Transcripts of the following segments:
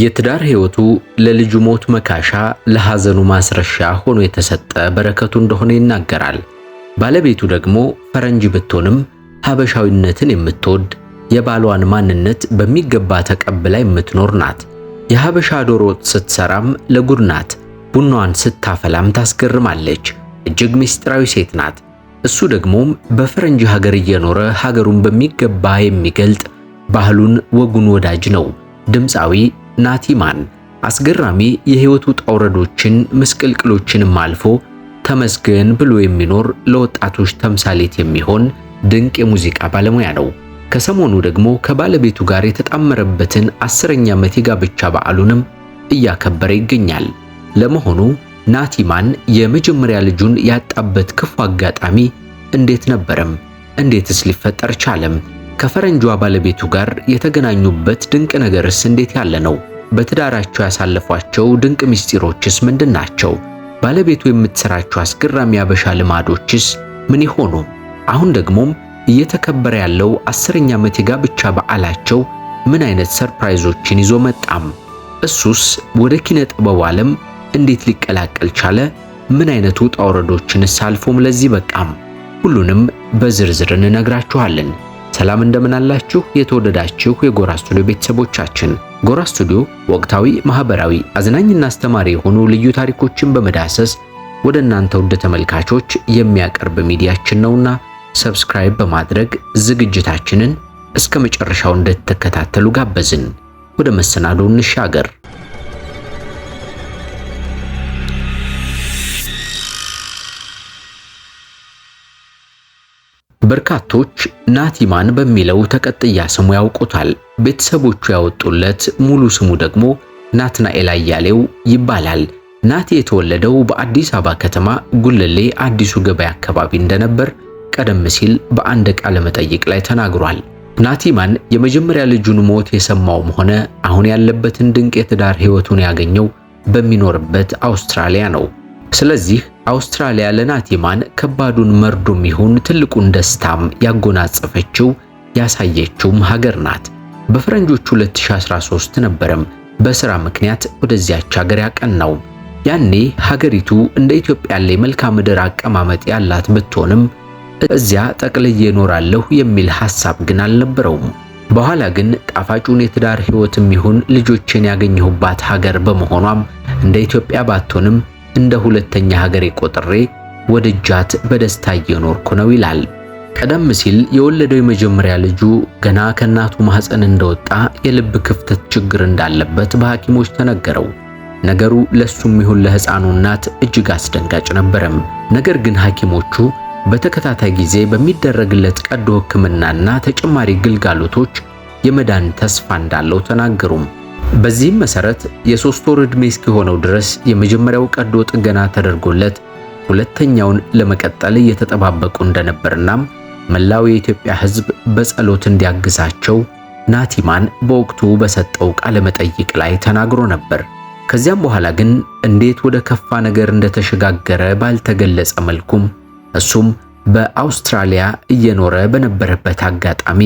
የትዳር ህይወቱ ለልጁ ሞት መካሻ፣ ለሐዘኑ ማስረሻ ሆኖ የተሰጠ በረከቱ እንደሆነ ይናገራል። ባለቤቱ ደግሞ ፈረንጅ ብትሆንም ሀበሻዊነትን የምትወድ የባሏን ማንነት በሚገባ ተቀብላ የምትኖር ናት። የሀበሻ ዶሮ ወጥ ስትሰራም ለጉድ ናት። ቡናዋን ስታፈላም ታስገርማለች። እጅግ ምስጢራዊ ሴት ናት። እሱ ደግሞም በፈረንጅ ሀገር እየኖረ ሀገሩን በሚገባ የሚገልጥ ባህሉን ወጉን ወዳጅ ነው። ድምፃዊ ናቲማን አስገራሚ የህይወቱ ጣውረዶችን ውረዶችን ምስቅልቅሎችንም አልፎ ተመስገን ብሎ የሚኖር ለወጣቶች ተምሳሌት የሚሆን ድንቅ የሙዚቃ ባለሙያ ነው። ከሰሞኑ ደግሞ ከባለቤቱ ጋር የተጣመረበትን አስረኛ ዓመት የጋብቻ በዓሉንም እያከበረ ይገኛል። ለመሆኑ ናቲማን የመጀመሪያ ልጁን ያጣበት ክፉ አጋጣሚ እንዴት ነበረም? እንዴትስ ሊፈጠር ቻለም? ከፈረንጇ ባለቤቱ ጋር የተገናኙበት ድንቅ ነገርስ እንዴት ያለ ነው? በትዳራቸው ያሳለፏቸው ድንቅ ምስጢሮችስ ምንድን ናቸው? ባለቤቱ የምትሰራቸው አስገራሚ ያበሻ ልማዶችስ ምን ይሆኑ? አሁን ደግሞም እየተከበረ ያለው አስረኛ ዓመት የጋብቻ በዓላቸው ምን አይነት ሰርፕራይዞችን ይዞ መጣም? እሱስ ወደ ኪነ ጥበቡ ዓለም እንዴት ሊቀላቀል ቻለ? ምን አይነት ውጣ ውረዶችንስ አልፎም ለዚህ በቃም? ሁሉንም በዝርዝር እንነግራችኋለን። ሰላም እንደምን አላችሁ? የተወደዳችሁ የጎራ ስቱዲዮ ቤተሰቦቻችን፣ ጎራ ስቱዲዮ ወቅታዊ፣ ማህበራዊ፣ አዝናኝና አስተማሪ የሆኑ ልዩ ታሪኮችን በመዳሰስ ወደ እናንተ ውድ ተመልካቾች የሚያቀርብ ሚዲያችን ነውና ሰብስክራይብ በማድረግ ዝግጅታችንን እስከ መጨረሻው እንድትከታተሉ ጋበዝን። ወደ መሰናዶ እንሻገር። በርካቶች ናቲማን በሚለው ተቀጥያ ስሙ ያውቁታል። ቤተሰቦቹ ያወጡለት ሙሉ ስሙ ደግሞ ናትናኤል አያሌው ይባላል። ናቲ የተወለደው በአዲስ አበባ ከተማ ጉልሌ አዲሱ ገበያ አካባቢ እንደነበር ቀደም ሲል በአንድ ቃለ መጠይቅ ላይ ተናግሯል። ናቲማን የመጀመሪያ ልጁን ሞት የሰማውም ሆነ አሁን ያለበትን ድንቅ የትዳር ሕይወቱን ያገኘው በሚኖርበት አውስትራሊያ ነው። ስለዚህ አውስትራሊያ ለናቲማን ከባዱን መርዶም ይሁን ትልቁን ደስታም ያጎናጸፈችው ያሳየችውም ሀገር ናት። በፈረንጆቹ 2013 ነበረም በስራ ምክንያት ወደዚያች ሀገር ያቀናው። ያኔ ሀገሪቱ እንደ ኢትዮጵያ ያለ መልክዓ ምድር አቀማመጥ ያላት ብትሆንም እዚያ ጠቅልዬ እኖራለሁ የሚል ሐሳብ ግን አልነበረውም። በኋላ ግን ጣፋጩን የትዳር ህይወትም ይሁን ልጆችን ያገኘሁባት ሀገር በመሆኗም እንደ ኢትዮጵያ ባትሆንም እንደ ሁለተኛ ሀገሬ ቆጥሬ ወድጃት በደስታ እየኖርኩ ነው ይላል። ቀደም ሲል የወለደው የመጀመሪያ ልጁ ገና ከእናቱ ማህፀን እንደወጣ የልብ ክፍተት ችግር እንዳለበት በሐኪሞች ተነገረው። ነገሩ ለሱም ይሁን ለሕፃኑ እናት እጅግ አስደንጋጭ ነበረም። ነገር ግን ሐኪሞቹ በተከታታይ ጊዜ በሚደረግለት ቀዶ ሕክምናና ተጨማሪ ግልጋሎቶች የመዳን ተስፋ እንዳለው ተናገሩም። በዚህም መሰረት የሶስት ወር ዕድሜ እስኪሆነው ድረስ የመጀመሪያው ቀዶ ጥገና ተደርጎለት ሁለተኛውን ለመቀጠል እየተጠባበቁ እንደነበርና መላው የኢትዮጵያ ሕዝብ በጸሎት እንዲያግዛቸው ናቲማን በወቅቱ በሰጠው ቃለ መጠይቅ ላይ ተናግሮ ነበር። ከዚያም በኋላ ግን እንዴት ወደ ከፋ ነገር እንደተሸጋገረ ባልተገለጸ መልኩም እሱም በአውስትራሊያ እየኖረ በነበረበት አጋጣሚ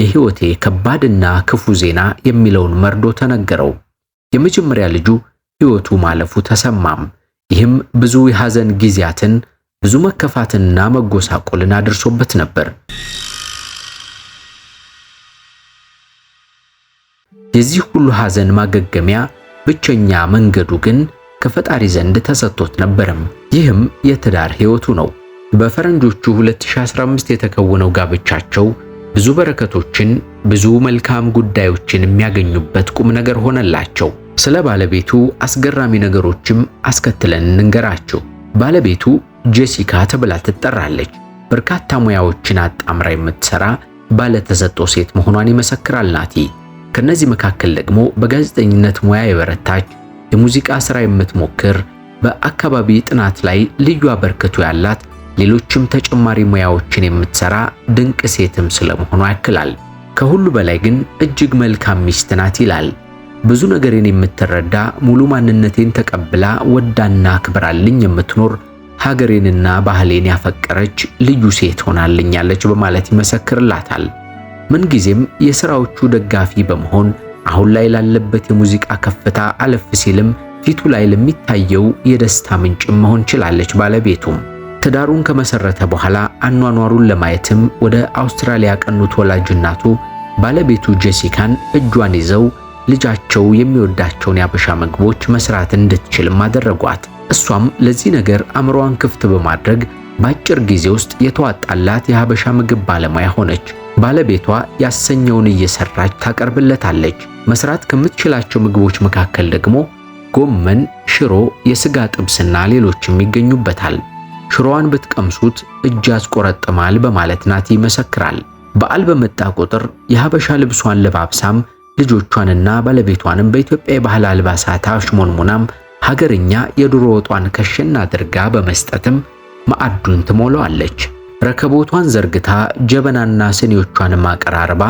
የህይወቴ ከባድና ክፉ ዜና የሚለውን መርዶ ተነገረው። የመጀመሪያ ልጁ ህይወቱ ማለፉ ተሰማም። ይህም ብዙ የሐዘን ጊዜያትን ብዙ መከፋትንና መጎሳቆልን አድርሶበት ነበር። የዚህ ሁሉ ሐዘን ማገገሚያ ብቸኛ መንገዱ ግን ከፈጣሪ ዘንድ ተሰጥቶት ነበርም። ይህም የትዳር ህይወቱ ነው። በፈረንጆቹ 2015 የተከወነው ጋብቻቸው ብዙ በረከቶችን፣ ብዙ መልካም ጉዳዮችን የሚያገኙበት ቁም ነገር ሆነላቸው። ስለ ባለቤቱ አስገራሚ ነገሮችም አስከትለን እንንገራችሁ። ባለቤቱ ጄሲካ ተብላ ትጠራለች። በርካታ ሙያዎችን አጣምራ የምትሰራ ባለተሰጦ ሴት መሆኗን ይመሰክራል ናቲ። ከነዚህ መካከል ደግሞ በጋዜጠኝነት ሙያ የበረታች፣ የሙዚቃ ስራ የምትሞክር፣ በአካባቢ ጥናት ላይ ልዩ አበርክቶ ያላት ሌሎችም ተጨማሪ ሙያዎችን የምትሰራ ድንቅ ሴትም ስለመሆኗ ያክላል። ከሁሉ በላይ ግን እጅግ መልካም ሚስት ናት ይላል። ብዙ ነገሬን የምትረዳ ሙሉ ማንነቴን ተቀብላ ወዳና አክብራልኝ የምትኖር ሀገሬንና ባህሌን ያፈቀረች ልዩ ሴት ሆናልኛለች በማለት ይመሰክርላታል። ምንጊዜም የሥራዎቹ ደጋፊ በመሆን አሁን ላይ ላለበት የሙዚቃ ከፍታ አለፍ ሲልም ፊቱ ላይ ለሚታየው የደስታ ምንጭም መሆን ችላለች ባለቤቱም ትዳሩን ከመሰረተ በኋላ አኗኗሩን ለማየትም ወደ አውስትራሊያ ያቀኑት ወላጅ እናቱ ባለቤቱ ጄሲካን እጇን ይዘው ልጃቸው የሚወዳቸውን ያበሻ ምግቦች መስራት እንድትችልም አደረጓት። እሷም ለዚህ ነገር አእምሮዋን ክፍት በማድረግ በአጭር ጊዜ ውስጥ የተዋጣላት የሀበሻ ምግብ ባለሙያ ሆነች። ባለቤቷ ያሰኘውን እየሰራች ታቀርብለታለች። መስራት ከምትችላቸው ምግቦች መካከል ደግሞ ጎመን፣ ሽሮ፣ የስጋ ጥብስና ሌሎችም ይገኙበታል። ሽሮዋን ብትቀምሱት እጅ ያስቆረጥማል በማለት ናቲ ይመሰክራል። በዓል በመጣ ቁጥር የሀበሻ ልብሷን ለባብሳም ልጆቿንና ባለቤቷንም በኢትዮጵያ የባህል አልባሳት አሽሞንሙናም ሀገርኛ የድሮ ወጧን ከሸና አድርጋ በመስጠትም ማዕዱን ትሞላዋለች። ረከቦቷን ዘርግታ ጀበናና ስኒዎቿንም አቀራርባ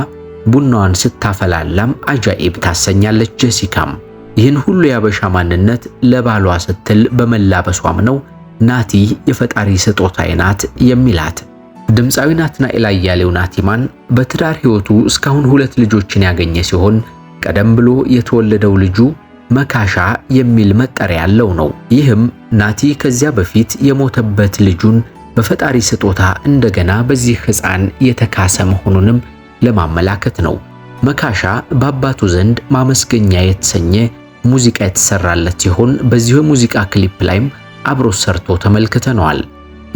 ቡናዋን ስታፈላላም አጃኢብ ታሰኛለች። ጀሲካም ይህን ሁሉ የሀበሻ ማንነት ለባሏ ስትል በመላበሷም ነው ናቲ የፈጣሪ ስጦታዬ ናት የሚላት ድምፃዊ ናትናኤል አያሌው ናቲማን በትዳር ህይወቱ እስካሁን ሁለት ልጆችን ያገኘ ሲሆን ቀደም ብሎ የተወለደው ልጁ መካሻ የሚል መጠሪያ ያለው ነው። ይህም ናቲ ከዚያ በፊት የሞተበት ልጁን በፈጣሪ ስጦታ እንደገና በዚህ ሕፃን የተካሰ መሆኑንም ለማመላከት ነው። መካሻ በአባቱ ዘንድ ማመስገኛ የተሰኘ ሙዚቃ የተሰራለት ሲሆን በዚሁ ሙዚቃ ክሊፕ ላይም አብሮ ሰርቶ ተመልክተነዋል።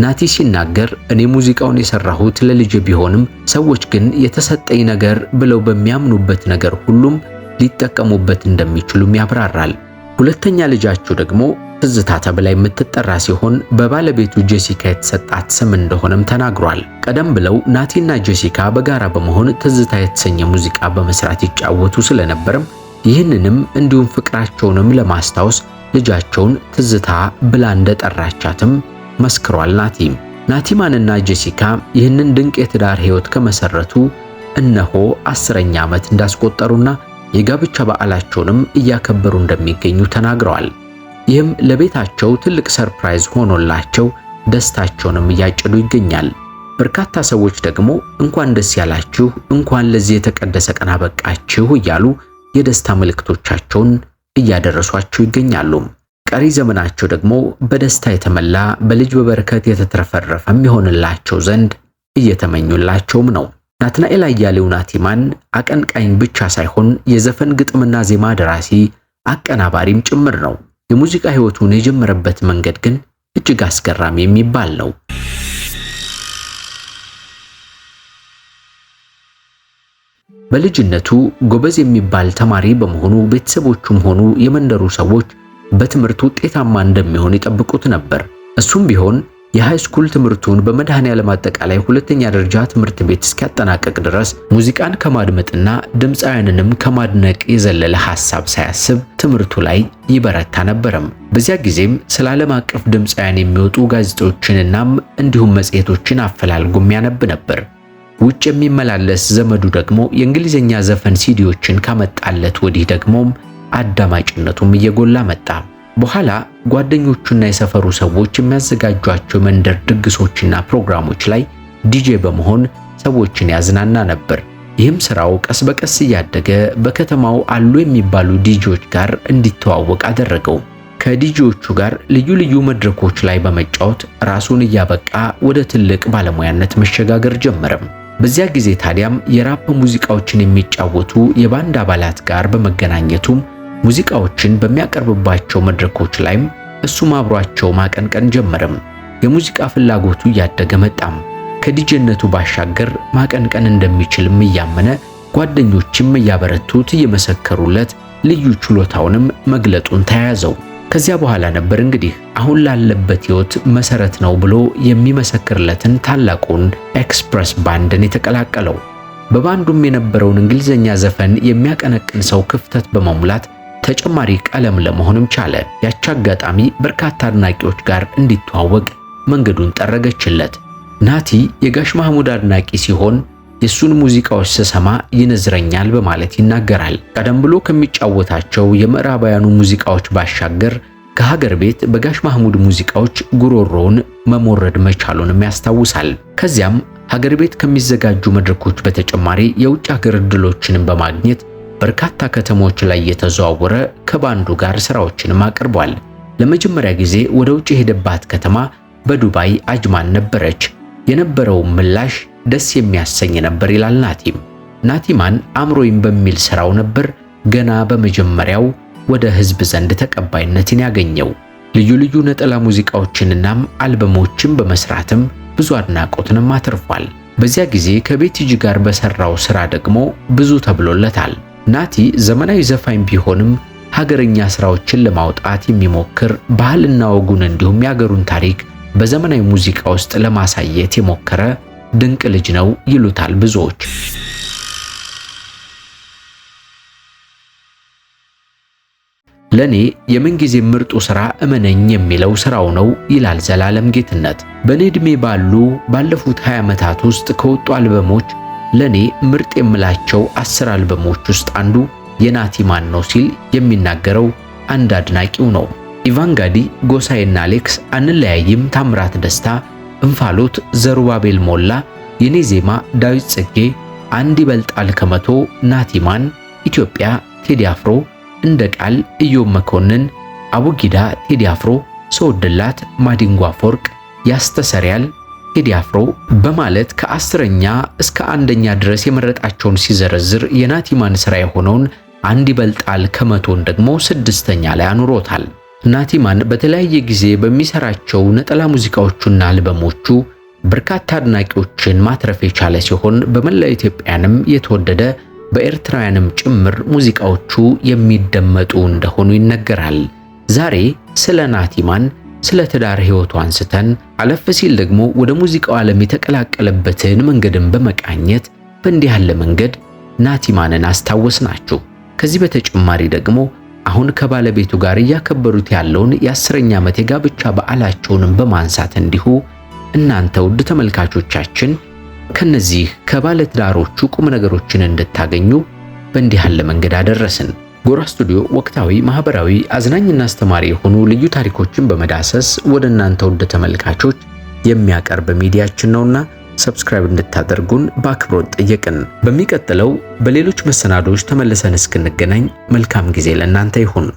ናቲ ሲናገር እኔ ሙዚቃውን የሰራሁት ለልጅ ቢሆንም ሰዎች ግን የተሰጠኝ ነገር ብለው በሚያምኑበት ነገር ሁሉም ሊጠቀሙበት እንደሚችሉም ያብራራል። ሁለተኛ ልጃቸው ደግሞ ትዝታ ተብላ የምትጠራ ሲሆን በባለቤቱ ጄሲካ የተሰጣት ስም እንደሆነም ተናግሯል። ቀደም ብለው ናቲና ጄሲካ በጋራ በመሆን ትዝታ የተሰኘ ሙዚቃ በመስራት ይጫወቱ ስለነበርም ይህንንም እንዲሁም ፍቅራቸውንም ለማስታወስ ልጃቸውን ትዝታ ብላ እንደጠራቻትም መስክሯል። ናቲም ናቲማንና ጄሲካ ይህንን ድንቅ የትዳር ህይወት ከመሰረቱ እነሆ አስረኛ ዓመት እንዳስቆጠሩና የጋብቻ በዓላቸውንም እያከበሩ እንደሚገኙ ተናግረዋል። ይህም ለቤታቸው ትልቅ ሰርፕራይዝ ሆኖላቸው ደስታቸውንም እያጨዱ ይገኛል። በርካታ ሰዎች ደግሞ እንኳን ደስ ያላችሁ፣ እንኳን ለዚህ የተቀደሰ ቀን አበቃችሁ እያሉ የደስታ ምልክቶቻቸውን ። እያደረሷቸው ይገኛሉ። ቀሪ ዘመናቸው ደግሞ በደስታ የተመላ በልጅ በበረከት የተትረፈረፈ የሚሆንላቸው ዘንድ እየተመኙላቸውም ነው። ናትናኤል አያሌው ናቲማን አቀንቃኝ ብቻ ሳይሆን የዘፈን ግጥምና ዜማ ደራሲ አቀናባሪም ጭምር ነው። የሙዚቃ ሕይወቱን የጀመረበት መንገድ ግን እጅግ አስገራሚ የሚባል ነው። በልጅነቱ ጎበዝ የሚባል ተማሪ በመሆኑ ቤተሰቦቹም ሆኑ የመንደሩ ሰዎች በትምህርቱ ውጤታማ እንደሚሆን ይጠብቁት ነበር። እሱም ቢሆን የሃይስኩል ትምህርቱን በመድኃኔዓለም አጠቃላይ ሁለተኛ ደረጃ ትምህርት ቤት እስኪያጠናቀቅ ድረስ ሙዚቃን ከማድመጥና ድምፃውያንንም ከማድነቅ የዘለለ ሐሳብ ሳያስብ ትምህርቱ ላይ ይበረታ ነበረም። በዚያ ጊዜም ስለ ዓለም አቀፍ ድምፃውያን የሚወጡ ጋዜጦችንናም እንዲሁም መጽሔቶችን አፈላልጎም ያነብ ነበር። ውጭ የሚመላለስ ዘመዱ ደግሞ የእንግሊዝኛ ዘፈን ሲዲዎችን ካመጣለት ወዲህ ደግሞም አዳማጭነቱም እየጎላ መጣ። በኋላ ጓደኞቹና የሰፈሩ ሰዎች የሚያዘጋጇቸው መንደር ድግሶችና ፕሮግራሞች ላይ ዲጄ በመሆን ሰዎችን ያዝናና ነበር። ይህም ስራው ቀስ በቀስ እያደገ በከተማው አሉ የሚባሉ ዲጂዎች ጋር እንዲተዋወቅ አደረገው። ከዲጂዎቹ ጋር ልዩ ልዩ መድረኮች ላይ በመጫወት ራሱን እያበቃ ወደ ትልቅ ባለሙያነት መሸጋገር ጀመረም። በዚያ ጊዜ ታዲያም የራፕ ሙዚቃዎችን የሚጫወቱ የባንድ አባላት ጋር በመገናኘቱም ሙዚቃዎችን በሚያቀርብባቸው መድረኮች ላይም እሱም አብሯቸው ማቀንቀን ጀመረም። የሙዚቃ ፍላጎቱ እያደገ መጣም። ከዲጀነቱ ባሻገር ማቀንቀን እንደሚችልም እያመነ ጓደኞችም እያበረቱት እየመሰከሩለት ልዩ ችሎታውንም መግለጡን ተያያዘው። ከዚያ በኋላ ነበር እንግዲህ አሁን ላለበት ህይወት መሰረት ነው ብሎ የሚመሰክርለትን ታላቁን ኤክስፕረስ ባንድን የተቀላቀለው። በባንዱም የነበረውን እንግሊዘኛ ዘፈን የሚያቀነቅን ሰው ክፍተት በመሙላት ተጨማሪ ቀለም ለመሆንም ቻለ። ያች አጋጣሚ በርካታ አድናቂዎች ጋር እንዲተዋወቅ መንገዱን ጠረገችለት። ናቲ የጋሽ ማህሙድ አድናቂ ሲሆን የእሱን ሙዚቃዎች ስሰማ ይነዝረኛል በማለት ይናገራል። ቀደም ብሎ ከሚጫወታቸው የምዕራባውያኑ ሙዚቃዎች ባሻገር ከሀገር ቤት በጋሽ ማህሙድ ሙዚቃዎች ጉሮሮውን መሞረድ መቻሉንም ያስታውሳል። ከዚያም ሀገር ቤት ከሚዘጋጁ መድረኮች በተጨማሪ የውጭ ሀገር እድሎችንም በማግኘት በርካታ ከተሞች ላይ የተዘዋወረ ከባንዱ ጋር ስራዎችንም አቅርቧል። ለመጀመሪያ ጊዜ ወደ ውጭ የሄደባት ከተማ በዱባይ አጅማን ነበረች። የነበረው ምላሽ ደስ የሚያሰኝ ነበር ይላል ናቲም። ናቲማን አምሮይም በሚል ስራው ነበር ገና በመጀመሪያው ወደ ህዝብ ዘንድ ተቀባይነትን ያገኘው። ልዩ ልዩ ነጠላ ሙዚቃዎችንናም አልበሞችን በመስራትም ብዙ አድናቆትንም አትርፏል። በዚያ ጊዜ ከቤቲጂ ጋር በሰራው ስራ ደግሞ ብዙ ተብሎለታል። ናቲ ዘመናዊ ዘፋኝ ቢሆንም ሀገረኛ ስራዎችን ለማውጣት የሚሞክር ባህልና ወጉን እንዲሁም የአገሩን ታሪክ በዘመናዊ ሙዚቃ ውስጥ ለማሳየት የሞከረ ድንቅ ልጅ ነው ይሉታል ብዙዎች። ለኔ የምንጊዜ ምርጡ ስራ እመነኝ የሚለው ስራው ነው ይላል ዘላለም ጌትነት። በኔ ዕድሜ ባሉ ባለፉት 20 ዓመታት ውስጥ ከወጡ አልበሞች ለኔ ምርጥ የምላቸው አስር አልበሞች ውስጥ አንዱ የናቲ ማን ነው ሲል የሚናገረው አንድ አድናቂው ነው። ኢቫንጋዲ፣ ጎሳዬና አሌክስ፣ አንለያይም፣ ታምራት ደስታ፣ እንፋሎት፣ ዘሩባቤል ሞላ፣ የኔ ዜማ፣ ዳዊት ጽጌ፣ አንድ ይበልጣል ከመቶ፣ ናቲማን፣ ኢትዮጵያ፣ ቴዲ አፍሮ፣ እንደ ቃል፣ ኢዮብ መኮንን፣ አቡጊዳ፣ ቴዲ አፍሮ፣ ሰውድላት፣ ማዲንጎ አፈወርቅ፣ ያስተሰሪያል፣ ቴዲ አፍሮ በማለት ከአስረኛ እስከ አንደኛ ድረስ የመረጣቸውን ሲዘረዝር የናቲማን ስራ የሆነውን አንድ ይበልጣል ከመቶን ደግሞ ስድስተኛ ላይ አኑሮታል። ናቲማን በተለያየ ጊዜ በሚሰራቸው ነጠላ ሙዚቃዎቹና አልበሞቹ በርካታ አድናቂዎችን ማትረፍ የቻለ ሲሆን በመላው ኢትዮጵያንም የተወደደ በኤርትራውያንም ጭምር ሙዚቃዎቹ የሚደመጡ እንደሆኑ ይነገራል። ዛሬ ስለ ናቲማን ስለ ትዳር ህይወቱ አንስተን አለፍ ሲል ደግሞ ወደ ሙዚቃው ዓለም የተቀላቀለበትን መንገድን በመቃኘት በእንዲህ ያለ መንገድ ናቲማንን አስታወስናችሁ። ከዚህ በተጨማሪ ደግሞ አሁን ከባለቤቱ ጋር እያከበሩት ያለውን የአስረኛ ዓመት የጋብቻ በዓላቸውንም በማንሳት እንዲሁ እናንተ ውድ ተመልካቾቻችን ከነዚህ ከባለ ትዳሮቹ ቁም ነገሮችን እንድታገኙ በእንዲህ ያለ መንገድ አደረስን። ጎራ ስቱዲዮ ወቅታዊ፣ ማህበራዊ፣ አዝናኝና አስተማሪ የሆኑ ልዩ ታሪኮችን በመዳሰስ ወደ እናንተ ውድ ተመልካቾች የሚያቀርብ ሚዲያችን ነውና ሰብስክራይብ እንድታደርጉን በአክብሮት ጠየቅን። በሚቀጥለው በሌሎች መሰናዶዎች ተመልሰን እስክንገናኝ መልካም ጊዜ ለእናንተ ይሁን።